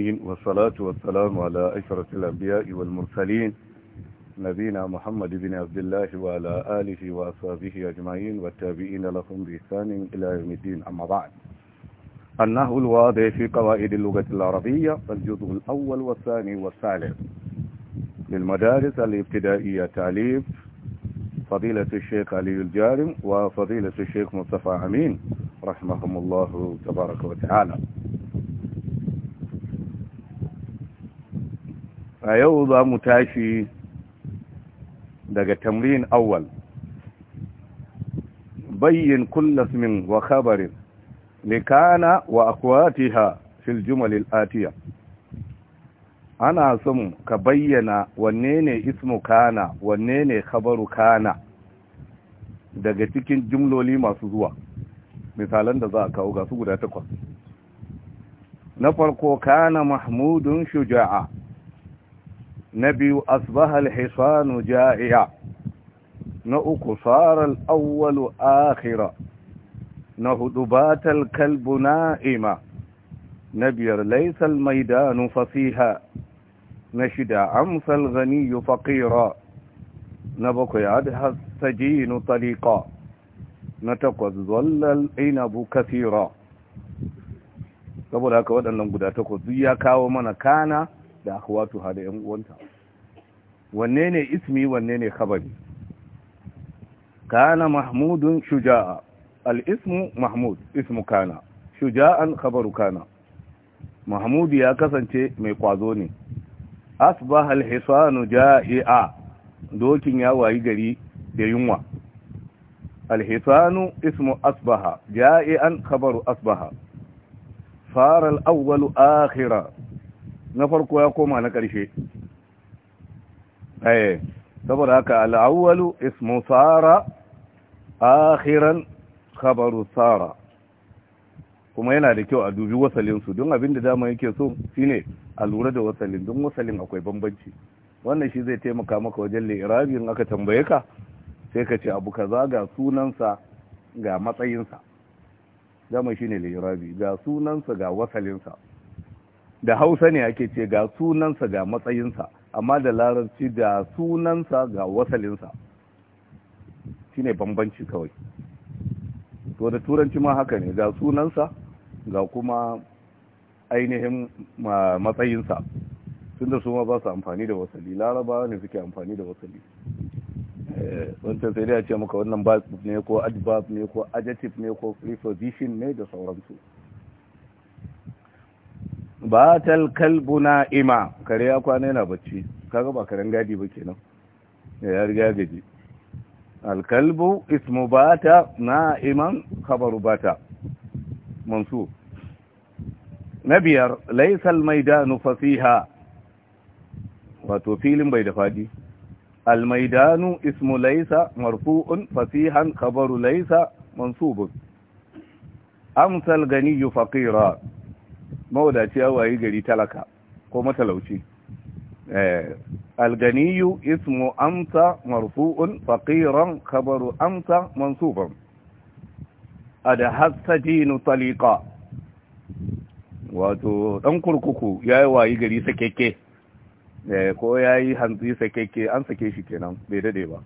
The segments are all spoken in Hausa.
والصلاة والسلام على أشرف الأنبياء والمرسلين نبينا محمد بن عبد الله وعلى آله وأصحابه أجمعين والتابعين لهم بإحسان إلى يوم الدين أما بعد أنه الواضح في قواعد اللغة العربية الجزء الأول والثاني والثالث للمدارس الابتدائية تعليم فضيلة الشيخ علي الجارم وفضيلة الشيخ مصطفى أمين رحمهم الله تبارك وتعالى a yau za mu tashi daga tamrin awal bayyin kullas min wa khabarin likana wa akwatiha fil jumalil atiya ana son ka bayyana wanne ne ismu kana wanne ne khabaru kana daga cikin jumloli masu zuwa misalan da za a kawo ga guda takwas na farko kana mahmudun shuja'a نبي أصبح الحصان جائعا نؤك صار الأول آخر نهدبات الكلب نائما نبير ليس الميدان فصيها نشد عمس الغني فقيرا نبك يدها السجين طليقا نتقى الظل الإنب كثيرا قبل هكذا أن نقول تقول زيكا ومن كان da akhwatuha da yan uwanta wanne ne ismi wanne ne khabari kana mahmudun shuja'a al-ismu mahmud ismu kana shuja'an khabaru kana mahmud ya kasance mai kwazo ne asbaha al-hisanu ja'i'a dokin ya wayi gari da yunwa al-hisanu ismu asbaha ja'ian khabaru asbaha Faral al-awwal akhira na farko ya koma na ƙarshe aye eh, saboda haka al'awwalu ismu sara akhiran khabaru tsara kuma yana da kyau a dubi wasalinsu don abin da dama yake so shine a lura da wasalin don wasalin akwai bambanci wannan shi zai taimaka maka wajen lirabi in aka tambaye ka sai ka ce abu kaza ga sunansa ga matsayinsa dama shine lirabi ga sunansa ga wasalinsa da hausa ne ake ce ga sunansa ga matsayinsa amma da larabci ga sunansa ga wasalinsa shi ne bambanci kawai to da turanci ma haka ne ga sunansa ga kuma ainihin matsayinsa tun da su ma ba su amfani da wasali Laraba ne suke amfani da wasali eh, wancan sai dai a ce maka wannan ba ne ko adverb ne ko adjective ne ko preposition ne da sauransu ba tal kalbu na'ima kare ya kwana yana bacci kaga ba karen gadi ba kenan ya riga gaji alkalbu ismu bata na'iman khabaru bata mansub na biyar laisal maidanu fasiha wato filin bai da fadi almaidanu ismu laisa marfu'un fasihan khabaru laisa mansubun amsal ganiyu faqira mawadaci ya wayi gari talaka ko matalauci eh, alganiyu ismu amsa marfu'un faqiran khabaru amsa mansuban dinu taliqa wato dan kurkuku yayi wayi gari sakeke eh, ko yayi hanzi sakeke an sake shi kenan bai dade ba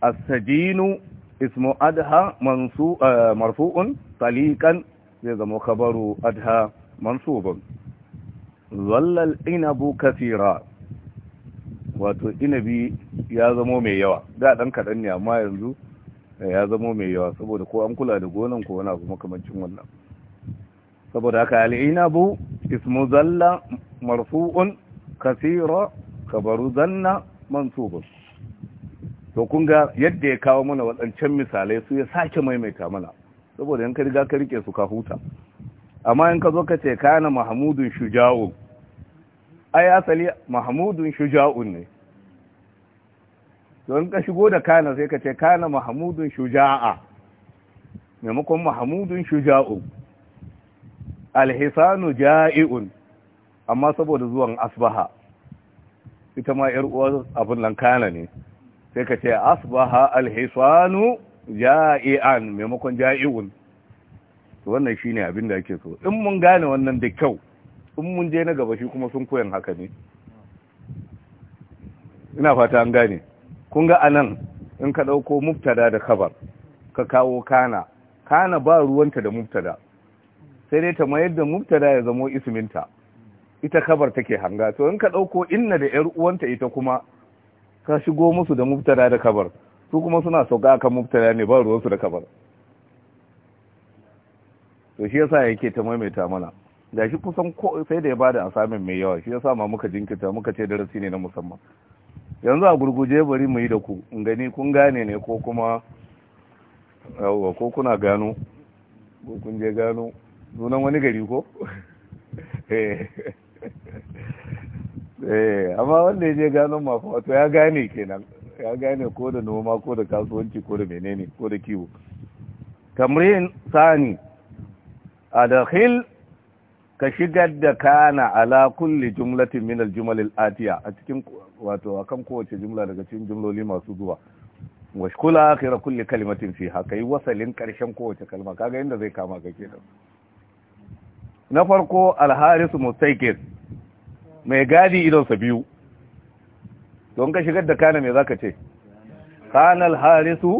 asajinu ismu adha mansu eh, marfu'un taliqan zai zama khabaru adha mansubun zallal inabu kafira wato inabi ya zamo mai yawa da dan kaɗan ne amma yanzu ya zamo mai yawa saboda ko an kula da gonan ko wani abu makamancin wannan saboda haka al'inabu ismu zalla marfu'un kasira kabaru zanna mansubun to kun ga yadda ya kawo mana waɗancan misalai su ya sake maimaita mana saboda yan ka riga ka rike su ka huta amma in ka zo ka ce kana mahamudun shuja'u ai asali mahamudun Shuja'u ne don ka shigo da kana sai ka ce kana mahamudun shuja'a maimakon mahamudun shuja'u alhisanu ja'i'un amma saboda zuwan asbaha ita ma yar uwa abin nan kana ne sai ka ce asbaha alhisanu ja'i'an maimakon ja'i'un wannan shine abin da ake so in mun gane wannan da kyau in mun je na gaba shi kuma sun koyan haka ne ina fata an gane kun ga anan in ka dauko mubtada da kabar ka kawo kana kana ba ruwanta da mubtada sai dai ta mayar da mubtada ya zamo isminta ita kabar take hanga to in ka ɗauko inna da yar uwanta ita kuma ka shigo musu da mubtada da kabar su kuma suna sauka kan mubtada ne ba ruwansu da kabar to shi yasa yake ta maimaita mana da shi kusan sai da ya bada asamin mai yawa shi yasa ma muka jinkirta muka ce darasi ne na musamman yanzu a gurguje bari mu yi da ku in gani kun gane ne ko kuma yawwa ko kuna gano ko kun je gano sunan wani gari ko eh. eh amma wanda ya je gano ma fa wato ya gane kenan ya gane ko da noma ko da kasuwanci ko da menene ko da kiwo kamar yin sani a adkhil ka shigar da kana ala kulli jumlatin min al-jumal al-atiya a cikin wato akan kowace jumla daga cikin jumloli masu zuwa shkula akhir kulli kalimatin haka kai wasalin karshen kowace kalma kaga inda zai kama ka kenan na farko al-haris mustaqir mai gadi idan sa biyu don ka shigar da kana me zaka ce kana al-harisu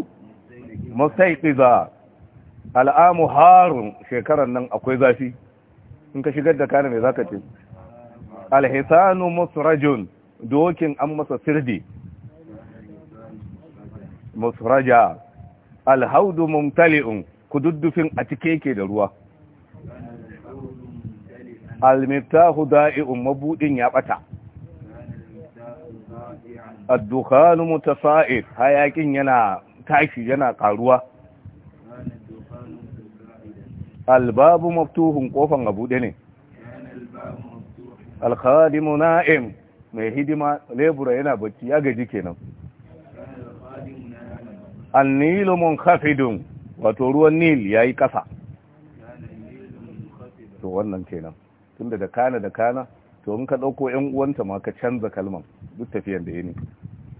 mustaqiza al'amu harun shekarar nan akwai zafi in ka shigar da kana mai zaka ce alhisanu musrajun dokin an masa sirdi musraja alhaudu mumtali'un kududdufin a cike yake da ruwa almiftahu da'i'un mabudin ya bata addukhanu mutafa'id hayakin yana tashi yana karuwa albabu maftuhun kofan abu da ne alkhadimu na'im mai hidima lebura yana bacci ya gaji kenan annilu munkhafidun wato ruwan nil yayi kasa to wannan kenan tunda da kana da kana to in ka dauko yan uwanta ma ka canza kalman duk tafiyan da yini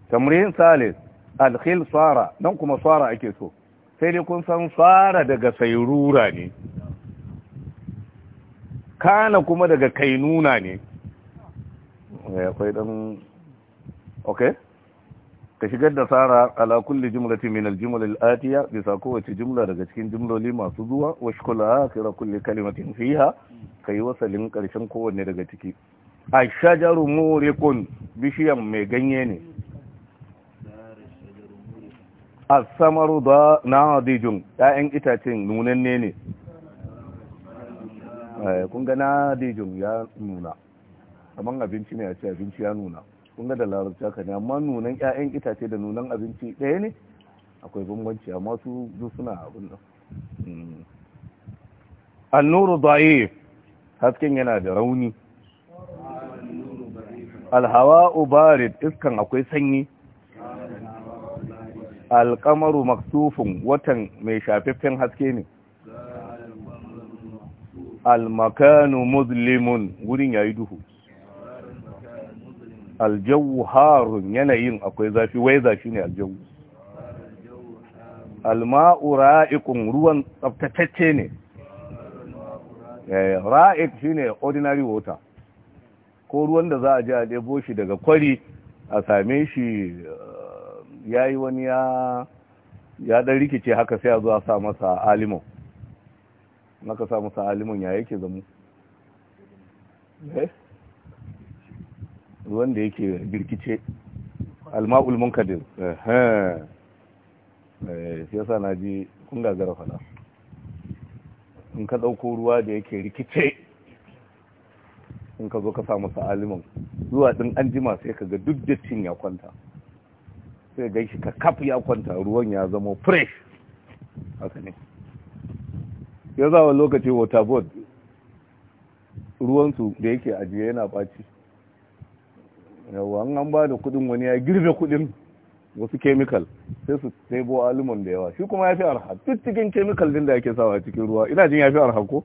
tamrin salis alkhil sara nan kuma sara ake so sai dai kun san sara daga sayrura ne kana kuma daga kai nuna ne eh, akwai dan okay ka shigar da tsara ala kulli jumlatin min al-jumla bisa kowace jumla daga cikin jumloli masu zuwa wa shkul akhira kulli kalimatin fiha kai wasalin karshen kowanne daga ciki a shajaru murikun bishiyan mai ganye ne A samaru da nadijun ya'yan itacen nunanne ne Eh, kun ga na dijin ya nuna kamar abinci ne a ce abinci ya nuna kun ga da larabta ka ne amma nunan 'ya'yan itace da nunan abinci ɗaya ne akwai bambanci amma su duk suna abin nan hmm. annuru da'if hasken yana da rauni alhawa ubarid iskan akwai sanyi alkamaru maksufin watan mai shafaffen haske ne almakanu wurin gurin yayi duhu aljawu harun yanayin akwai zafi wai zafi ne aljawu alma'u ra'ikun ruwan tsaftatacce ne eh, ra'ik shine ordinary water ko ruwan da za a je a debo shi daga kwari a same shi eh, ya yi wani ya dan rikice haka sai a zuwa sa masa alimo naka sa masa alimin ya yake zamu eh? ruwan da yake birkice alma'ul munkadir eh, shi yasa na ji kun gagara fada in ka dauko ruwa da yake rikice in ka zo ka sa masa zuwa ɗin an jima sai ka ga duk dattin ya kwanta sai ga shi ka kaf ya kwanta ruwan ya zama fresh haka ne ya wa lokaci waterboard ruwansu da yake ajiye yana ɓaci yawon an ba da kudin wani ya girbe kudin wasu kemikal sai su taibo alimon da yawa shi kuma ya fi arha duk cikin kemikal din da yake sawa cikin ruwa ina jin ya fi arha ko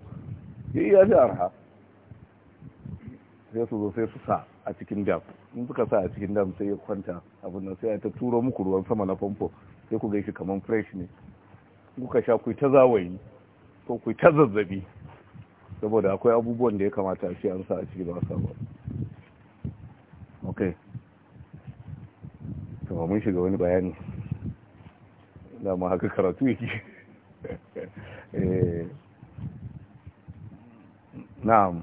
eh, ya fi arha sai su zo sai su sa a cikin dam in suka sa a cikin dam sai ya kwanta abin nan sai ya ta turo muku ruwan sama na famfo sai ku gaishe kamar fresh ne kuka sha ku ta zawayi ko ku ta zazzabi saboda akwai abubuwan da ya kamata a ce an sa a ciki ba sa ba ok to mun shiga wani bayani dama haka karatu yake eh. na'am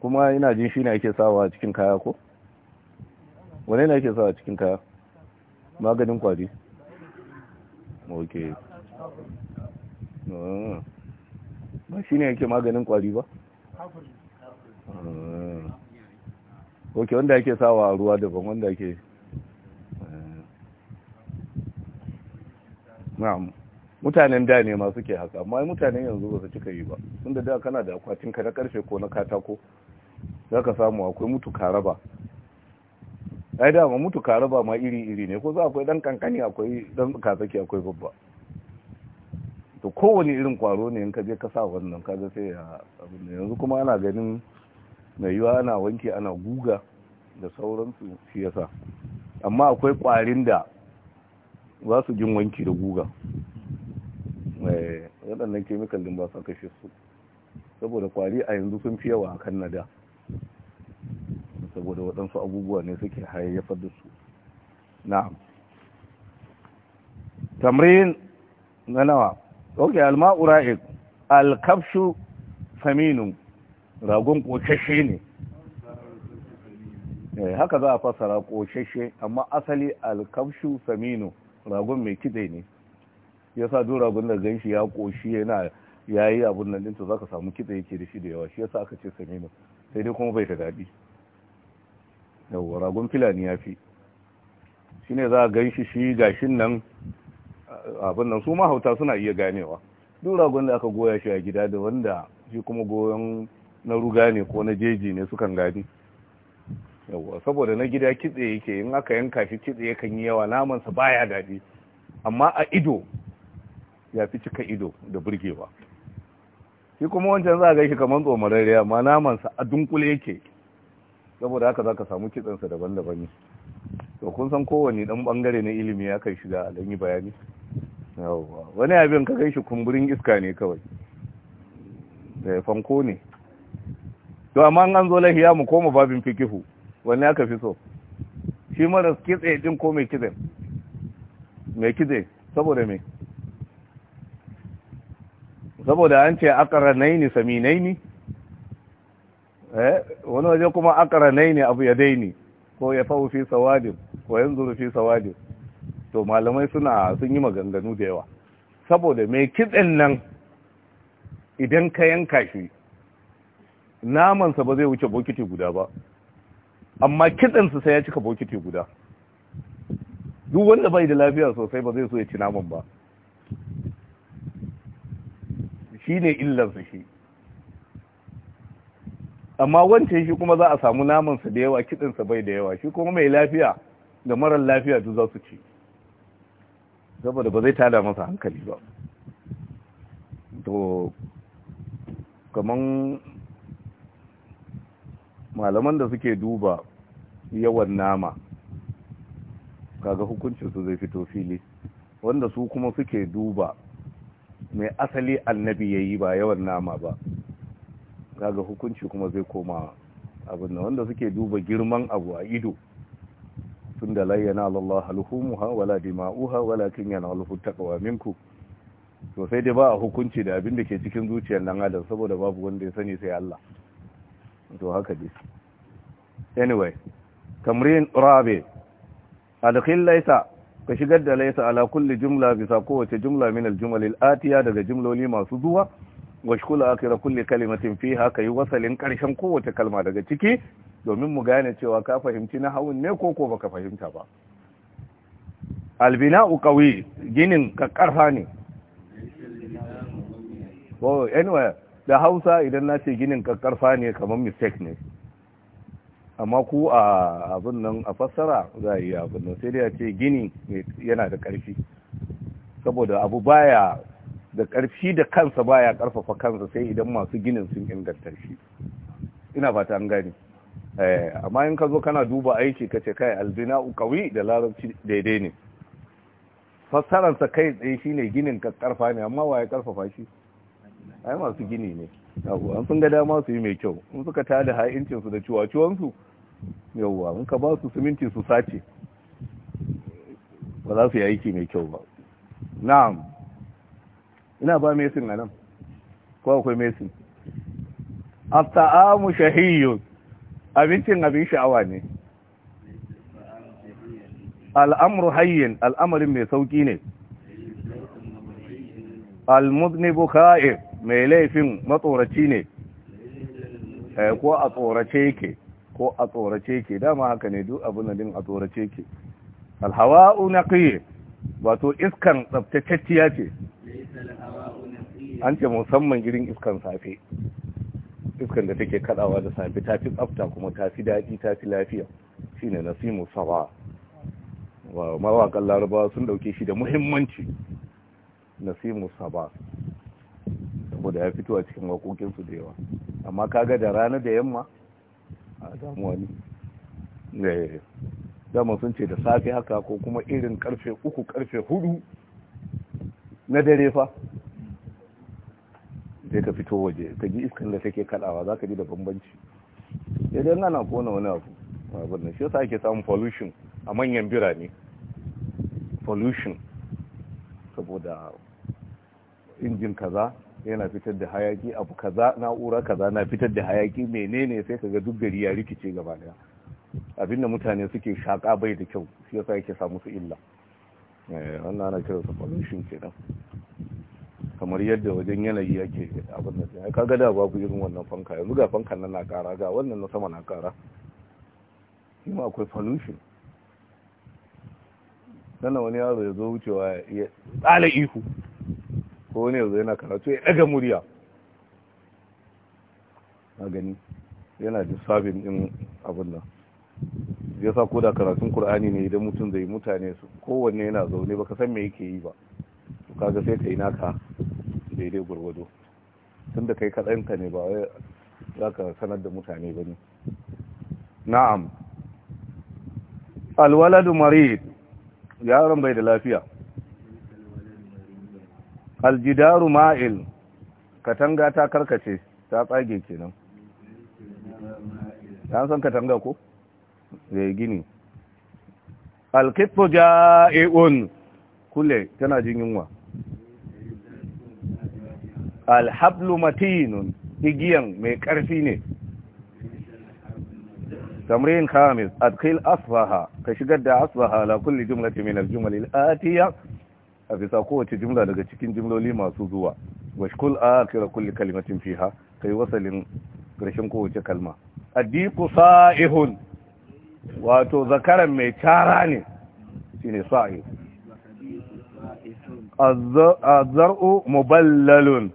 kuma ina jin shi ne ake sawa a cikin kaya ko wane ne ake sawa a cikin kaya maganin kwari ok Ah. ba shi ne yake maganin kwari ba ah. ok wanda yake sawa ruwa daban wanda yake ah. mutanen da ne masu ke haka amma mutanen yanzu ba su cika yi ba sun da kana da akwatin ka na karshe ko na katako za ka samu akwai mutu karaba ai dama mutu karaba ma iri-iri ne ko za akwai dan kankani akwai dan kasaki akwai babba to kowane irin kwaro ne in ka je ka sa wannan kaga sai ya ne yanzu kuma ana ganin mai yiwa ana wanke ana guga da sauransu shi yasa amma akwai kwarin da za su jin wanki da guga eh, waɗannan kemikal din ba su kashe su saboda kwari a yanzu sun fi yawa a kan nada saboda waɗansu abubuwa ne suke hayayyafar da su na'am tamrin na nawa ok alma'u ra'ik alkafshu faminu ragon koshashe ne eh, haka za a fasara koshashe amma asali alkafshu faminu ragon mai kitse ne ya sa duk ragon da ganshi ya ƙoshi yana yayi abun nan din za zaka samu kitse yake da shi da yawa shi yasa aka ce saminu sai dai kuma bai da daɗi yawwa ragon filani ya fi shi ne za a ganshi shi gashin nan abin nan su mahauta suna iya ganewa duk ragon da aka goya shi a gida da wanda shi kuma goyon na ruga ne ko na jeji ne sukan gani yawa saboda na gida kitse yake in aka yanka shi kitse yakan yi yawa namansa baya daɗi amma a ido ya fi cika ido da burgewa shi kuma wancan za a gaishe kamar tsomararriya ma namansa a dunkule yake saboda haka za ka samu sa daban-daban ne to kun san kowanne dan bangare na ilimi ya kai shiga dan yi bayani yawwa wani abin ka kai shi kumburin iska ne kawai da ya fanko ne to amma an zo lahiya mu koma babin fikihu wani aka fi so shi mara kitse din ko mai kitse mai kitse saboda me saboda an ce akara naini sami naini eh wani waje kuma akara naini abu ya daini ko ya fahu fi sawadin ko yanzu fi sawadin to malamai suna sun yi maganganu da yawa saboda mai kitsen nan idan ka yanka shi namansa ba zai wuce bokiti guda ba amma kitsensa sai ya cika bokiti guda duk wanda bai da lafiya sosai ba zai so ya ci naman ba shi ne illarsa shi amma wancan shi kuma za a samu namansa da yawa kitsinsa bai da yawa shi kuma mai lafiya da marar lafiya duk za su ci saboda ba zai tada masa hankali ba to kaman malaman da suke duba yawan nama kaga hukuncinsu zai fito fili wanda su kuma suke duba mai asali annabi ya yi ba yawan nama ba kaga hukunci kuma zai koma abin da wanda suke duba girman abu a ido tun da layyana Allah alhumuha wala dima'uha yana alhu taqwa minku to sai dai ba a hukunci da abin da ke cikin zuciyar dan adam saboda babu wanda ya sani sai Allah to haka dai anyway tamrin rabi adkhil laysa ka shigar da laysa ala kulli jumla bisa kowace jumla min aljumal alatiya daga jumloli masu zuwa washkula akira kulli kalimatin fiha yi wasalin karshen kowace kalma daga ciki domin mu gane cewa ka fahimci na hawun ne ko ko baka fahimta ba albina qawi ginin ka karfa ne oh anyway da Hausa idan na ce ginin ka karfa ne kamar mistake ne amma ku a abin nan a fassara za a yi abin nan sai dai a ce gini yana da karfi saboda abu baya da ƙarfi da kansa baya ƙarfafa kansa sai idan masu ginin sun inganta shi ina fata an gani eh, amma in ka zo kana duba aiki ka ce kai albina ukawi da larabci daidai ne fassararsa kai tsaye shine ginin ka ƙarfa ne amma waye ƙarfafa shi ai masu gini ne an sun ga dama su yi mai kyau in suka tada ha'incin su da ciwon su yawwa in ka ba su siminti su sace ba za su yi aiki mai kyau ba na'am ina ba mesin a nan ko akwai mesin afta'amu shahiyu. abincin abin sha'awa ne al'amru hayyin al'amarin mai sauki ne al mudni ka'ir mai laifin matsoraci ne eh, ko a tsorace yake ko a tsorace yake dama haka ne duk abin din a tsorace yake al-hawa'u naqiy wato iskan tsaftatacciya ce an ce musamman girin iskan safe iskan da take kadawa da safe ta fi tsafta kuma ta fi daɗi ta fi lafiya Shi ne nasimu sawa wa mawaƙan larabawa sun ɗauke shi da muhimmanci nasimu saba saboda ya fito a cikin waƙoƙinsu da yawa amma kaga da rana da yamma a damuwa ne eh, dama sun ce da safe haka ko kuma irin karfe uku karfe hudu na dare fa sai ka fito waje ka ji iskan da take kadawa za ka ji da bambanci idan ana kona wani abu abu nan shi yasa ake samun pollution a manyan birane pollution saboda injin kaza yana fitar da hayaki abu kaza na'ura kaza na fitar da hayaki menene sai kaga duk gari ya rikice gaba daya abinda mutane suke shaka bai da kyau shi yasa yake samu su illa Eh, wannan ana kiransa pollution kenan kamar yadda wajen yanayi yake abin da ya kaga da babu irin wannan fanka yanzu ga fankan nan na kara ga wannan na sama na kara shi ma akwai pollution sannan wani yaro ya zo wucewa ya tsala ihu ko wani yanzu yana karatu ya daga murya a gani yana disturbing din abin nan Ya sa ko da karatun Qur'ani ne idan mutum zai mutane su kowanne yana zaune baka san me yake yi ba to kaga sai kai naka daidai gurgudu tunda kai kadan ka ne ba wai zaka sanar da mutane ba ne. na'am alwaladu marid yaron bai da lafiya aljidaru ma'il katanga ta karkace ta tsage kenan ta san katanga ko zai gini alkitto ja'i'un kule tana jin yunwa alhablu matinun igiyan mai karfi ne tamrin khamis adkhil asbaha ka shigar da asbaha la kulli jumlatin min al-jumal atiya a bisa kowace jumla daga cikin jumloli masu zuwa washkul akhir kulli kalimatin fiha kai wasalin karshen kowace kalma adiqu sa'ihun wato zakaran mai tara ne shi ne sa'i azar’u muballalun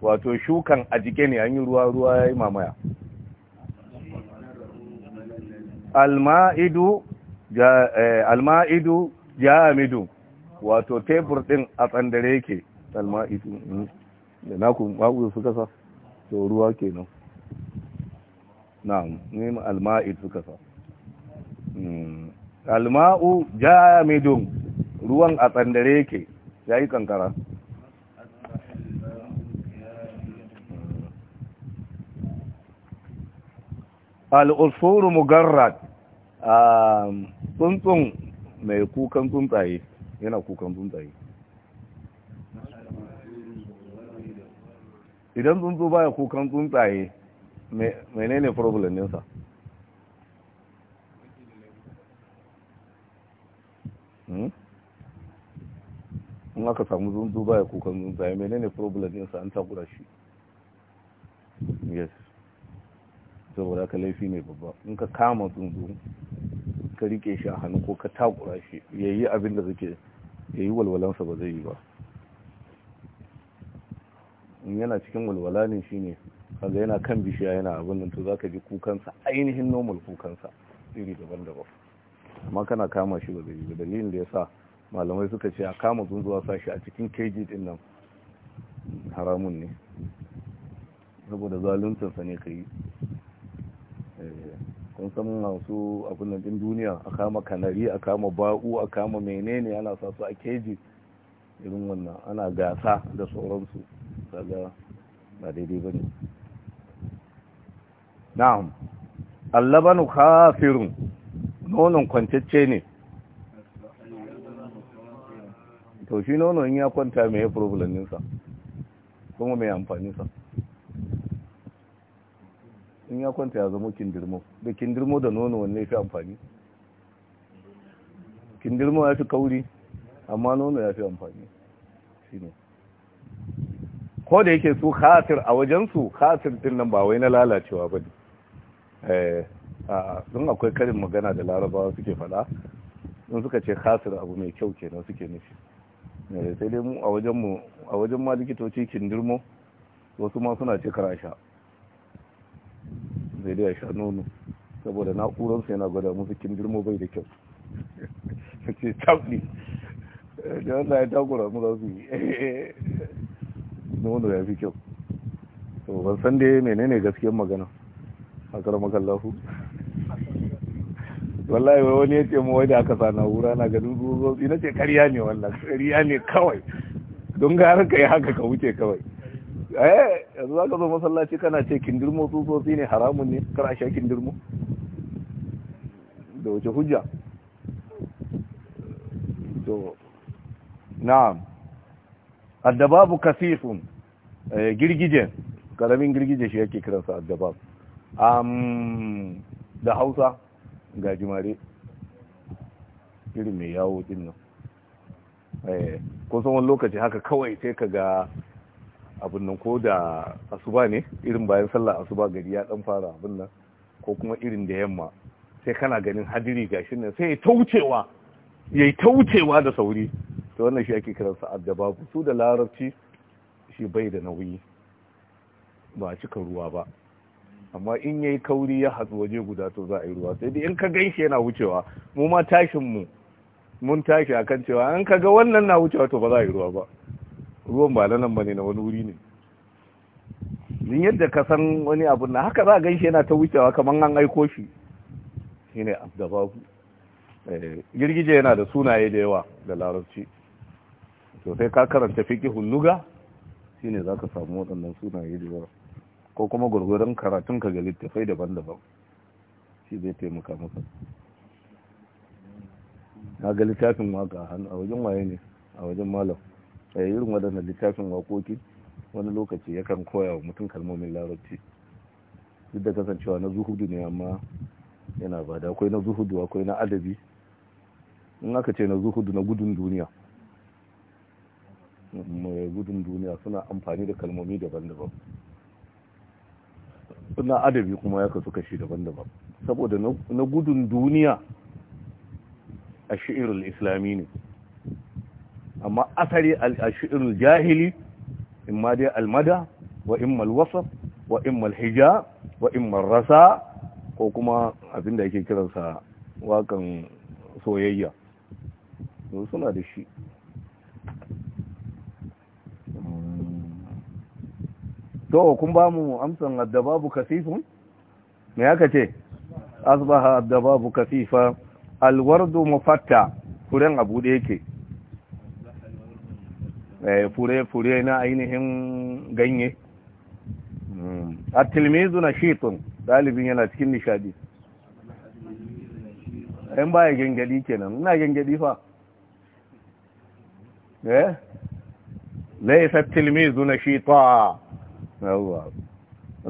wato shukan a jike ne an yi ruwa-ruwa ya yi mamaya alma'idu eh, jamidu wato tebur din a tsandare ke alma'idu mm, da naku ma'uyo suka sa to ruwa kenan na'am ne alma'idu suka sa Hmm. alma'u jamidun ruwan a tsandare yake yi kankara al'usuru mugarrad um, tsuntsun mai kukan tsuntsaye yana kukan tsuntsaye idan tsuntsu baya kukan tsuntsaye menene problem ɗinsa aka samu zunzu baya kukan zunza ya menene problem ɗinsa an takura shi yes saboda ka laifi ne babba in ka kama zunzu ka rike shi a hannu ko ka takura shi ya yi abin da zuke ya yi walwalansa ba zai yi ba in yana cikin walwala ne shi ne kaga yana kan bishiya yana abin nan to za ka ji kukansa ainihin normal kukansa iri daban-daban amma kana kama shi ba zai yi ba dalilin da ya sa malamai suka ce a kama zunzuwa sashi a cikin keji din nan haramun ne saboda zaluntarsa ne ka yi eh, kun san masu abinan din duniya a kama kanari a kama ba'u a kama menene ana sasu a keji irin wannan ana gasa da sauransu daga ba daidai ba ne na'am allabanu kafirun nonon kwantacce ne to shi nono in ya kwanta mai problem ninsa kuma mai amfani sa in ya kwanta ya zama kindirmo da kindirmo da nono wanne ya fi amfani kindirmo ya fi kauri amma nono ya fi amfani shi ne ko da yake su khatir a wajensu khatir din nan ba wai na lalacewa ba ne don eh, akwai karin magana da larabawa suke fada don suka ce khatir abu mai kyau kenan suke nufi Eh, sai dai mu a wajen mu a wajen ma likitoci kindirmo wasu ma suna ce kara sha sai dai a sha nono saboda na'uransu yana gwada musu kindirmo bai da kyau ce tafi eh, da wanda ya takura mu za su yi nono ya fi kyau to ban san dai menene gaskiyar magana a karamar kallahu wallahi wai wani ya ce mu wanda aka sana wura na ga dutsotsi na ce karya ne wallahi karya ne kawai don gara ka yi haka ka wuce kawai eh yanzu za ka zo masallaci kana ce kindirmo tsutsotsi ne haramun ne kar a sha kindirmo da wace hujja to na'am addababu kasifun eh, girgije karamin girgije shi yake kiransa addabab um da Hausa gajimare irin mai yawo din nan eh, ko san wani lokaci haka kawai sai ka ga abin nan ko da asuba ne irin bayan sallah asuba gari ya dan fara abin nan ko kuma irin da yamma sai kana ganin hadiri gashin nan sai ya taucewa ya taucewa da sauri to wannan shi ake da babu su da larabci shi bai da nauyi ba a cika ruwa ba amma in yayi kauri ya hatsu waje guda to za a yi ruwa sai dai in ka shi yana wucewa mu ma tashin mu mun tashi akan cewa in ka ga wannan na wucewa to ba za a yi ruwa ba ruwan ba na nan bane na wani wuri ne din yadda ka san wani abu na haka za a shi yana ta wucewa kamar an aiko shi shine abdababu eh, girgije yana da sunaye da yawa da larabci to sai ka karanta fiqhul hunnuga shine zaka samu waɗannan sunaye da yawa ko kuma karatun ka ga littafai daban-daban shi zai taimaka maka na ga littafin waka a wajen waye ne a wajen malam a eh, irin waɗannan littafin wakoki wani lokaci yakan koya wa mutum kalmomin larabci duk da kasancewa na zuhudu ne amma yana ba da akwai na zuhudu akwai na adabi in aka ce na zuhudu na gudun duniya mm, mai gudun duniya suna amfani da kalmomi daban-daban na adabi kuma ya kasu kashi daban-daban saboda na gudun duniya a shi'irul islami ne amma asali a shi'irul jahili in ma dai almada wa in malwasa wa in malhija wa in marasa ko kuma abinda yake kiransa wakan soyayya suna da shi to kun ba mu amsan addababu kasifun me aka ce asbaha addababu kasifa alwardu mufatta furen abu da yake eh, fure fure na ainihin ganye hmm. at-tilmizu nashitun dalibin yana cikin nishadi ɗan baya gangadi kenan ina gangadi fa eh laysa at-tilmizu ta. yawwa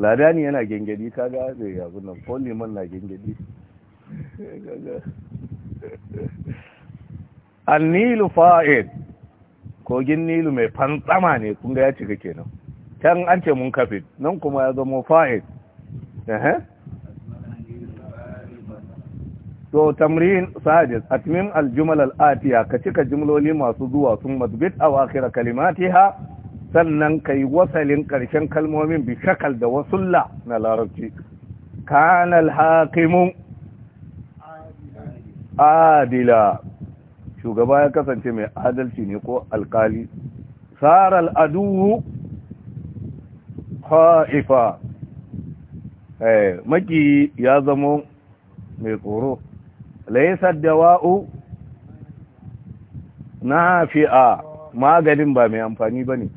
ladani yana gengedi kaga zai yabu nan ko liman na gengedi an nilu fa'id kogin nilu mai fantsama ne kun ya cika kenan can an ce mun kafin nan kuma ya zama fa'id to tamrin sajid atmin aljumal atiya ka cika jimloli masu zuwa sun madbit a wakira kalimatiha sannan ka yi wasalin ƙarshen kalmomin bi shakal da wasulla na larabci kanal hakimun adila shugaba ya kasance mai adalci ne ko alkali sarar aduwu ha'ifa eh, maki ya zamo mai tsoro laisar wa'u na fi'a maganin ba mai amfani ba ne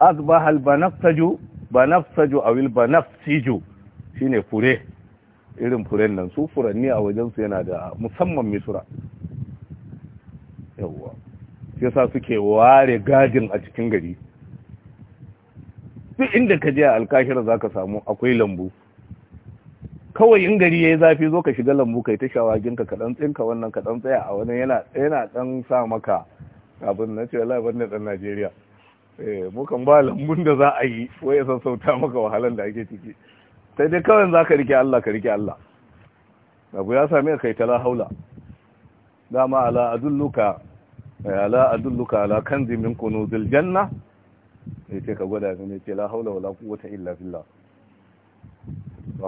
asbaha albanafsaju banafsaju awil banafsiju shine fure irin furen nan su furanni a wajen yana da musamman misura yawwa sai sa suke ware gadin a cikin gari duk inda ka je a alkashira zaka samu akwai lambu kawai in gari ya yi zafi zo ka shiga lambu kai ta shawagin ka kaɗan tsinka wannan kaɗan tsaya a wani yana ɗan sa maka abin na ce wallahi wannan dan Najeriya Eh, mukan ba lambun da za a yi waye ya sassauta maka wahalan da ake ciki sai dai kawai za ka rike Allah ka rike Allah abu ya same ka ta la haula dama ala adulluka eh, ala adulluka ala kanzi min kunuzil janna sai ce ka gwada ka ne ce la haula wala quwwata illa billah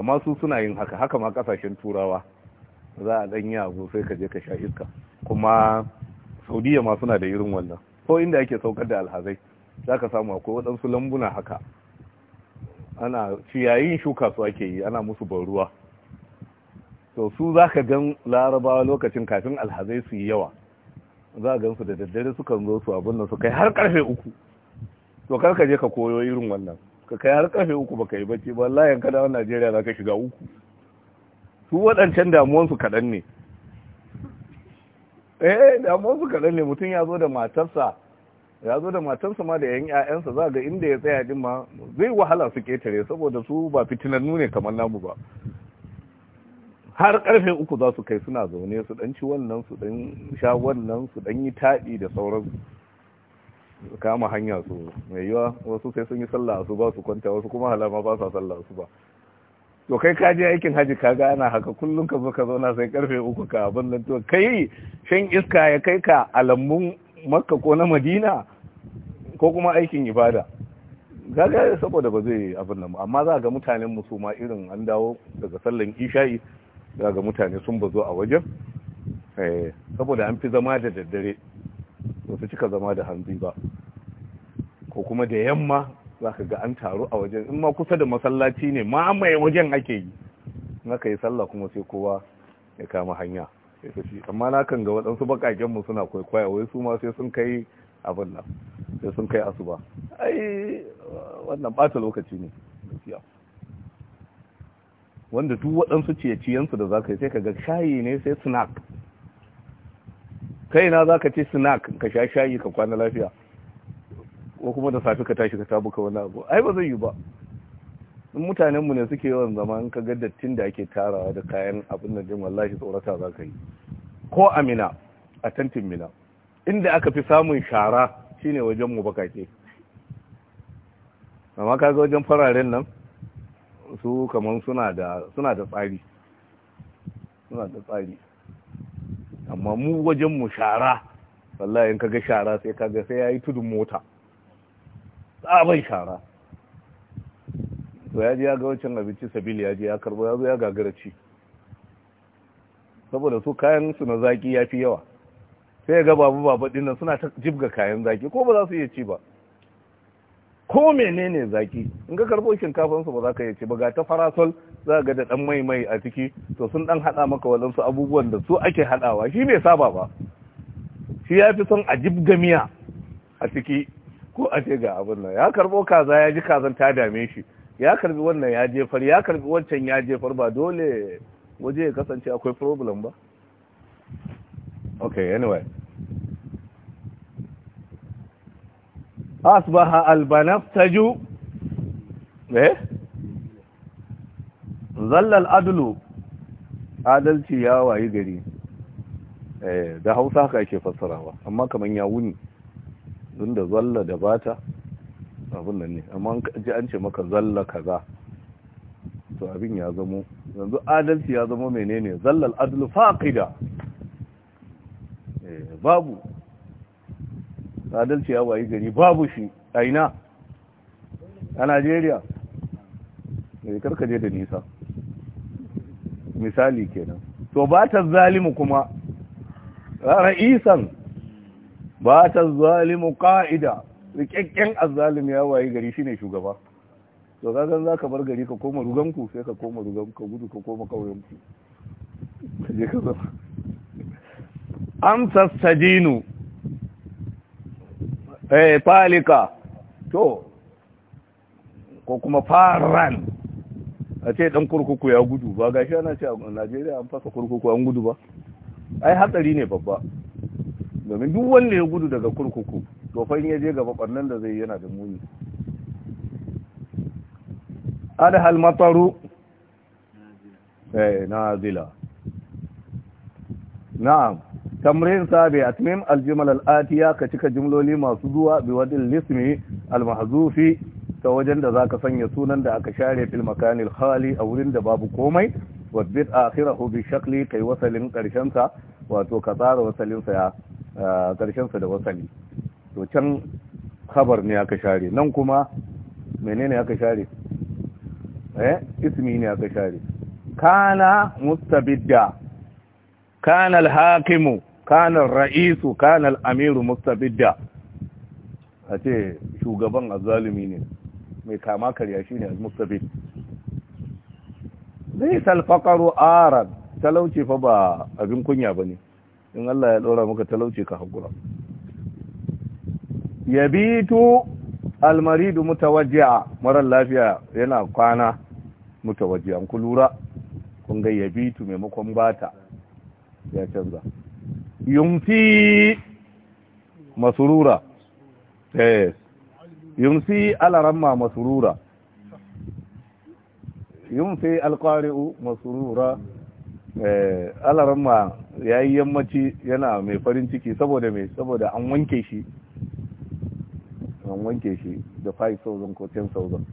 ma su suna yin haka haka ma kasashen turawa za a dan yago sai ka je ka sha iska kuma saudiya ma suna da irin wannan ko inda ake saukar da alhazai za ka samu akwai waɗansu lambuna haka ana ciyayin shuka su ake yi ana musu ban ruwa to su za ka gan larabawa lokacin kafin alhazai su yi yawa za a gansu da daddare sukan zo su abin da su kai har karfe uku to kar ka je ka koyo irin wannan ka kai har karfe uku baka yi bacci ba layan yanka da Najeriya za ka shiga uku su waɗancan damuwansu kaɗan ne eh damuwansu kaɗan ne mutum ya zo da matarsa ya zo da matansa ma da yan ƴaƴansa za ga inda ya tsaya din ma zai wahala su ketare saboda su ba fitinar nune kamar namu ba har karfe uku za su kai suna zaune su dan ci wannan su dan sha wannan su dan yi taɗi da sauran kama hanya su mai yiwa wasu sai sun yi sallah su ba su kwanta wasu kuma halama ba sa sallah su ba to kai ka je aikin haji ka ga ana haka kullum ka zo ka zauna sai karfe uku ka abin nan to kai shan iska ya kai ka alamun makka ko na madina ko kuma aikin ibada gaga saboda ba zai abin nan amma za ga mutanen musu ma irin an dawo daga sallan isha'i za ga mutane sun bazo a wajen eh, saboda an fi zama da daddare ba su cika zama da hanzi ba ko kuma da yamma za ka ga an taru a wajen in ma kusa da masallaci ne ma mai wajen ake yi na ka yi sallah kuma sai kowa ya kama hanya ya tafi amma na kan ga waɗansu bakaken mu suna kwaikwaya wai su ma sai sun kai abin nan sai sun kai asuba ai wannan ɓata lokaci ne gaskiya wanda duk waɗansu ciye-ciyensu da za ka yi sai ka ga shayi ne sai snack kai na za ka ce snack ka sha shayi ka kwana lafiya ko kuma da safi ka tashi ka tabuka wani abu ai ba zai yi ba mutanenmu ne suke yawan zama in ka ga dattin da ake tarawa da kayan abin da jin wallahi tsorata za ka yi ko amina a tantin mina inda aka fi samun shara shine wajen mu bakake amma ka ga wajen fararen nan su kamar suna da tsari suna da tsari amma mu wajen mu shara wallahi in ka ga shara sai ka ga sai yayi tudun mota tsaban shara to ya ji ya ga wancan abinci sabili ya ji ya karbo ya zo ya gagara ci saboda su kayan su na zaki ya fi yawa sai ya ga babu babu dinnan suna ta jibga kayan zaki ko ba za su iya ci ba ko menene zaki in ka karbo shinkafan su ba za ka iya ci ba ga ta farasol za ga da dan mai mai a ciki to sun dan hada maka wadansu abubuwan da su ake hadawa shi bai saba ba shi ya fi son a jibga miya a ciki ko a ce ga abin nan ya karbo kaza ya ji kazan ta dame shi ya karbi wannan ya jefar ya karbi wancan ya jefar ba dole waje ya kasance akwai problem ba okay anyway asbaha albanaftaju eh zallal adlu adalci ya wayi gari eh da Hausa haka ake fassarawa amma kaman ya wuni da zalla da bata abin nan ne amma ji an ce maka zalla kaza to abin ya zamo yanzu adalci ya zamo menene zallal adlu faqida eh, babu adalci ya wayi gari babu shi a ina a Najeriya eh, karka je da nisa misali kenan to ba ta zalimu kuma ra'isan ba ta zalimu qa'ida rikakken azalim ya waye gari shine shugaba to ga gan zaka bar gari ka koma ruganku sai ka koma ruganku ka gudu ka koma kauyenku ka je ka zo am sastajinu eh falika to ko kuma faran a ce dan kurkuku ya gudu ba gashi ana ce a Najeriya an fasa kurkuku an gudu ba ai hatsari ne babba domin duk wanda ya gudu daga kurkuku tofai ya je gaba kwannan da zai yana da muni adhal mataru eh nazila na'am tamrin sabi atmim aljumal alatiya ka cika jumloli masu zuwa bi wadil lismi almahzufi ta wajen da zaka sanya sunan da aka share fil makanil hali a wurin da babu komai wadbit akhirahu bi shakli kai wasalin karshen sa wato ka tsara wasalin ya karshen eh, sa da wasali to can khabar ne aka share nan kuma menene aka share eh ismi ne aka share kana mustabidda kana al-hakimu kana ar-ra'isu kana al-amiru mustabidda ace shugaban azzalimi ne mai kama karya shine al-mustabid zai salfaqaru arad talauci fa ba abin kunya bane in Allah ya daura maka talauci ka hakura yabitu almaridu mutawajji'a marar lafiya yana kwana mutawajji'an ku lura kun ga yabitu maimakon bata ya canza yumsi masurura yes alaramma masurura yumsi alqari'u masurura eh ya yi yammaci yana mai farin ciki saboda mai saboda an wanke shi an wanke shi da 5,000 ko 10,000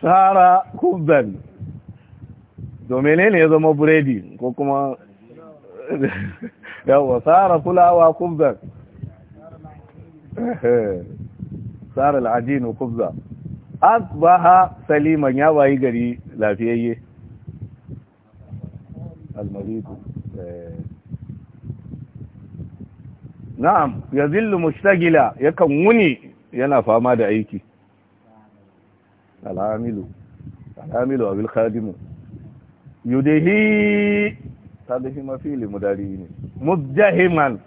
sahara kubban domene ne ya zama buredi ko kuma yawon sahara kulawa kubban sahara al'adino kubza an ba ha saliman ya bayi gari lafiyayye almaridu eh. na'am ya zillu mushtagila yakan wuni yana fama da aiki Alhamilu al'amilu abil khadimu yudehi tadahi mafili mudari ne mujahiman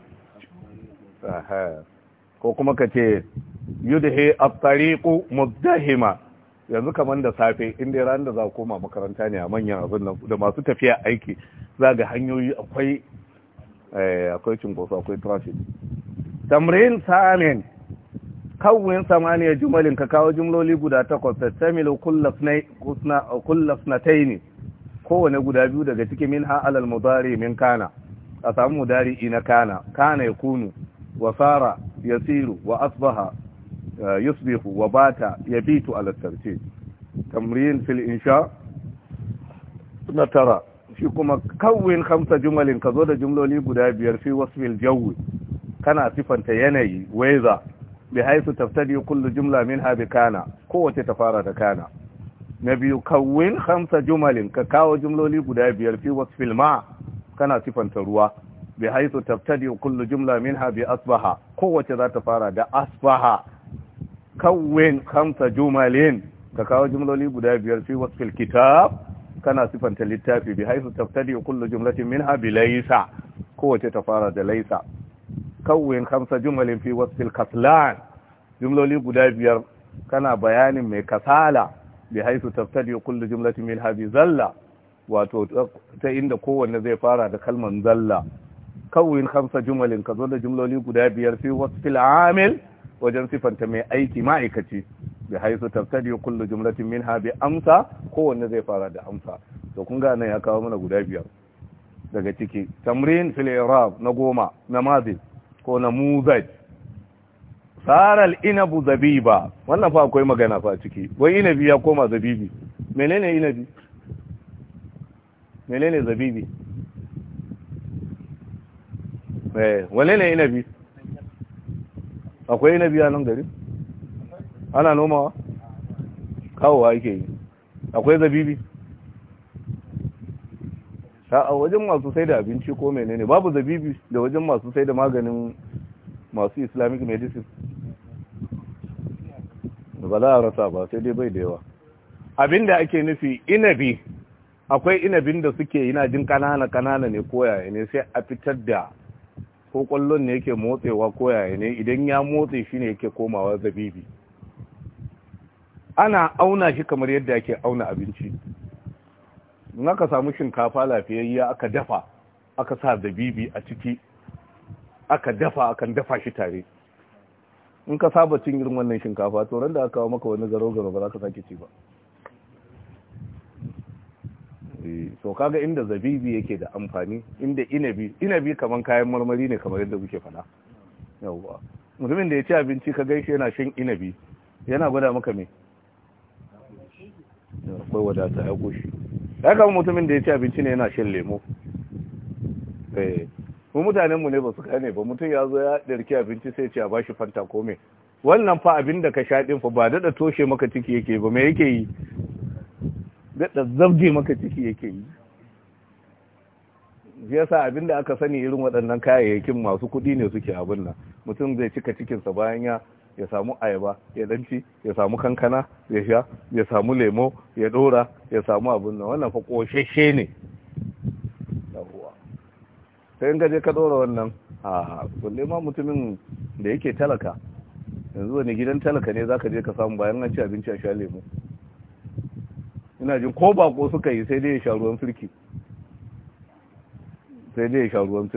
ko kuma ka ce yudhi at-tariqu mubjahima yanzu kaman da safe inda ran da za koma makaranta ne a manyan abin da masu tafiya aiki za ga hanyoyi akwai Eh, akwai cinkoso akwai traffic tamrin sa'amin kawwin samaniya jumalin ka kawo jumloli guda takwas ta tamilu ko kowane guda biyu daga cikin min ha'alal mudari min kana a samu mudari ina kana kana ya kunu wa sara yasiru wa asbaha eh, yusbihu wa bata yabitu ala tartib tamrin fil insha na tara shi kuma kawin hamsa jumalin ka zo da jumloli guda biyar fi wasfil jawi kana sifanta yanayi weza bi haisu taftadi kullu jumla min habi kana kowace ta fara da kana na biyu kawin hamsa jumalin ka kawo jumloli guda biyar fi wasfil ma kana sifanta ruwa bi haisu taftadi kullu jumla min habi asbaha kowace za ta fara da asbaha kawin hamsa jumalin ka kawo jumloli guda biyar fi wasfil kitab kana sifanta littafi bi haisu taftadi kullu jumlatin minha bi laysa kowace ta fara da laysa kawwin khamsa jumalin fi wasfil kaslan jumloli guda biyar kana bayanin mai kasala bi haisu taftadi kullu jumlatin minha bi zalla wato ta inda kowanne zai fara da kalman zalla kawwin khamsa jumalin ka zo da jumloli guda biyar fi wasfil amil wajen sifanta mai aiki ma'aikaci bi haisu tabtadi kullu jumlatin minha bi amsa kowanne zai fara da amsa to kun ga nan ya kawo mana guda biyar daga ciki tamrin fil i'rab na goma na namazil ko na namuzaj saral inabu zabiba wannan fa akwai magana fa ciki wai inabi ya koma zabibi menene inabi menene zabibi eh wale ne inabi akwai inabi a nan gari ana nomawa kawowa yake yi akwai zabibi a wajen masu sai da abinci ko menene babu zabibi da wajen masu sai da maganin masu islamic medicine ba za a rasa ba sai dai bai da yawa abinda ake nufi inabi akwai inabin da suke yana jin kanana kanana ne koyaye ne sai a fitar da ko kwallon ne yake motsewa ko yaya ne idan ya motse shi ne yake komawa zabibi ana auna shi kamar yadda yake auna abinci in aka samu shinkafa lafiyayya aka dafa aka sa zabibi a ciki aka dafa akan dafa shi tare in ka saba cin irin wannan shinkafa to ran aka kawo maka wani garo garo ba za ka sake ci ba Eh, so kaga inda zabibi yake da amfani inda inabi inabi kaman kayan marmari ne kamar yadda kuke fada yawwa mutumin da ya ci abinci ka gaishe yana shan inabi yana gwada maka me akwai wadata ya goshi ya kama mutumin da ya ci abinci ne yana shan lemo eh mu mutanen mu ne ba su gane ba mutum ya zo ya dirki abinci sai ce a bashi fanta ko me wannan fa abin da ka sha din fa ba daɗa toshe maka ciki yake ba me yake yi daɗa zabge maka ciki yake yi shi yasa abinda aka sani irin waɗannan kayayyakin masu kuɗi ne suke abin nan mutum zai cika cikinsa bayan ya ya samu ayaba ya danci ya samu kankana ya sha ya samu lemo ya dora ya samu abin nan wannan fa kosheshe ne sai in gaje ka dora wannan a kulle ma mutumin da yake talaka yanzu wani gidan talaka ne zaka je ka samu bayan an ci abinci a sha lemo ina jin ko bako suka yi sai dai ya sha sai dai sharuwan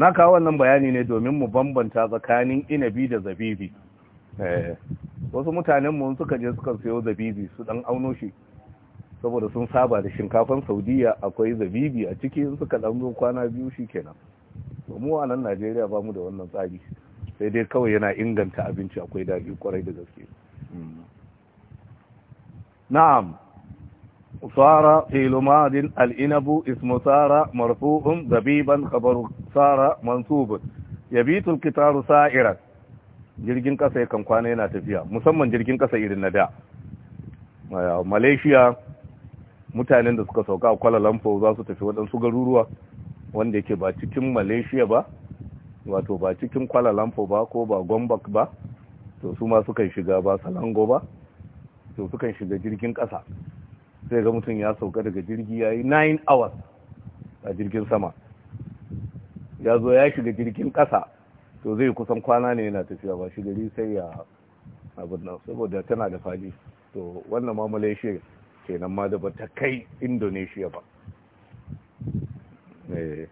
na kawo wannan bayani ne domin mu bambanta tsakanin inabi da zabibi eh, wasu mutanen mu suka je suka sayo zabibi su dan auno shi saboda sun saba da shinkafan saudiya akwai zabibi a ciki in suka dan zo kwana biyu shi to mu a nan najeriya ba mu da wannan tsari sai dai kawai yana inganta abinci akwai daɗi kwarai da gaske نعم صار في لماد الإنب اسم صار مرفوع زبيبا خبر صار منصوب يبيت القطار سائرا jirgin ƙasa yakan kwana yana tafiya musamman jirgin ƙasa irin na da malaysia mutanen da suka sauka a kuala lumpur za su tafi waɗansu garuruwa wanda yake ba cikin malaysia ba wato ba cikin kuala lumpur ba ko ba gombak ba to su ma suka shiga ba salango ba to sukan shiga jirgin ƙasa sai ga mutum ya sauka daga jirgi ya yi 9 hours a jirgin sama ya zo ya shiga jirgin ƙasa to zai kusan kwana ne yana tafiya ba shi gari sai ya abin nan saboda tana da fadi to wannan ma malaysia kenan ma da ta kai indonesia ba eh,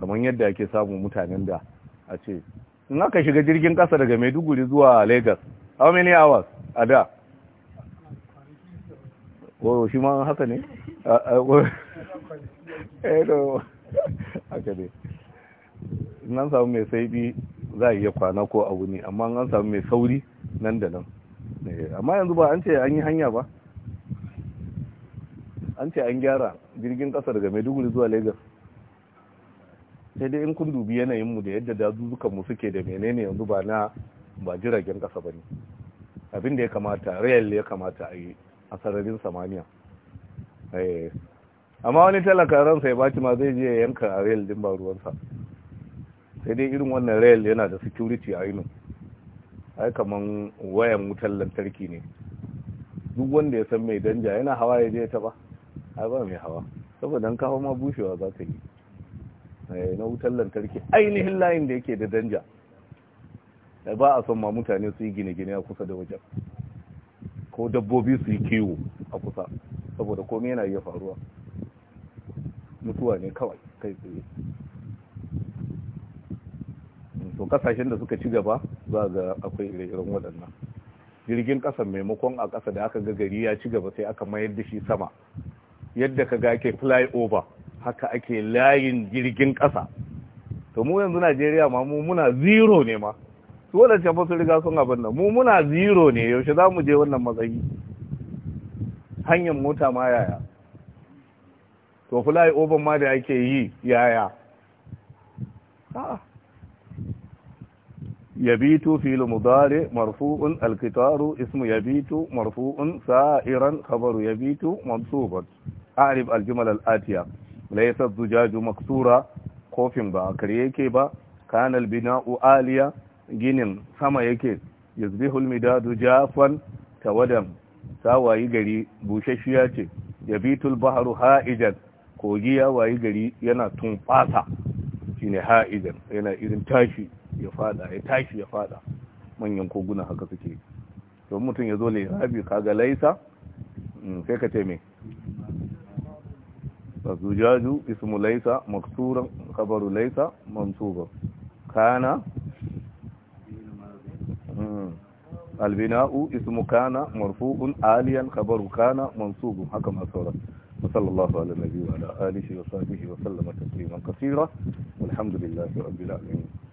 kamar yadda ake samun mutanen da a ce in aka shiga jirgin ƙasa daga maiduguri zuwa lagos how many hours a da ko shi ma haka ne eh, haka ne nan samu mai saibi za a iya kwana ko abu ne amma an samu mai sauri nan da nan eh, amma yanzu ba an ce an yi hanya ba an ce an gyara jirgin kasa daga maiduguri zuwa lagos sai dai in kun dubi yanayinmu da yadda dazuzukanmu suke da menene yanzu ba na ba jiragen kasa ba ne abin da ya kamata real ya kamata a yi a sararin samaniya eh, amma wani talaka ransa ya baci ma zai je ya yanka a rail din ba ruwansa sai dai irin wannan rail yana da security a yinu ai kaman wayan wutar lantarki ne duk wanda ya san mai danja yana hawa ya je ta ba ai ba mai hawa saboda an kawo ma bushewa za ta yi eh, na wutar lantarki ainihin layin da yake da danja ba a son ma mutane su yi gine-gine a kusa da wajen ko dabbobi su yi kiwo a kusa saboda komai yana iya faruwa mutuwa ne kawai kai tsaye to kasashen da suka ci gaba za ga akwai irin waɗannan jirgin ƙasa maimakon a ƙasa da aka ga gari ya ci gaba sai aka mayar da shi sama yadda ka ga ake flyover haka ake layin jirgin ƙasa to mu yanzu najeriya ma mu muna zero ne ma dole ce fa riga sun abin nan mu muna zero ne yaushe za mu je wannan matsayi hanyar mota ma yaya to fly ma da ake yi yaya yabitu fil mudari marfu'un Alkitaru ismu yabitu marfu'un sa'iran Kabaru, yabitu mansuban a'rif aljumal al-atiya laysa zujaju kofin ba kare yake ba Kanal-binau aliya ginin sama yake yuzbihul midadu jafan tawadan sawayi gari bushashiya ce yabitul baharu ha'ijan kogi ya wayi gari yana tumfasa shine ha'ijan yana irin tashi ya fada ya tashi ya fada manyan koguna haka suke don mutum ya zo Rabi, kaga laisa mm, sai ka ce me zujaju ismu laisa maksuran khabaru laisa mansuba kana albina'u ismu kana marfu'un aliyan khabaru kana mansubun haka ma sauran sallallahu ala nabi wa ala alihi wa sahbihi wa sallama kaseera walhamdulillahi rabbil alamin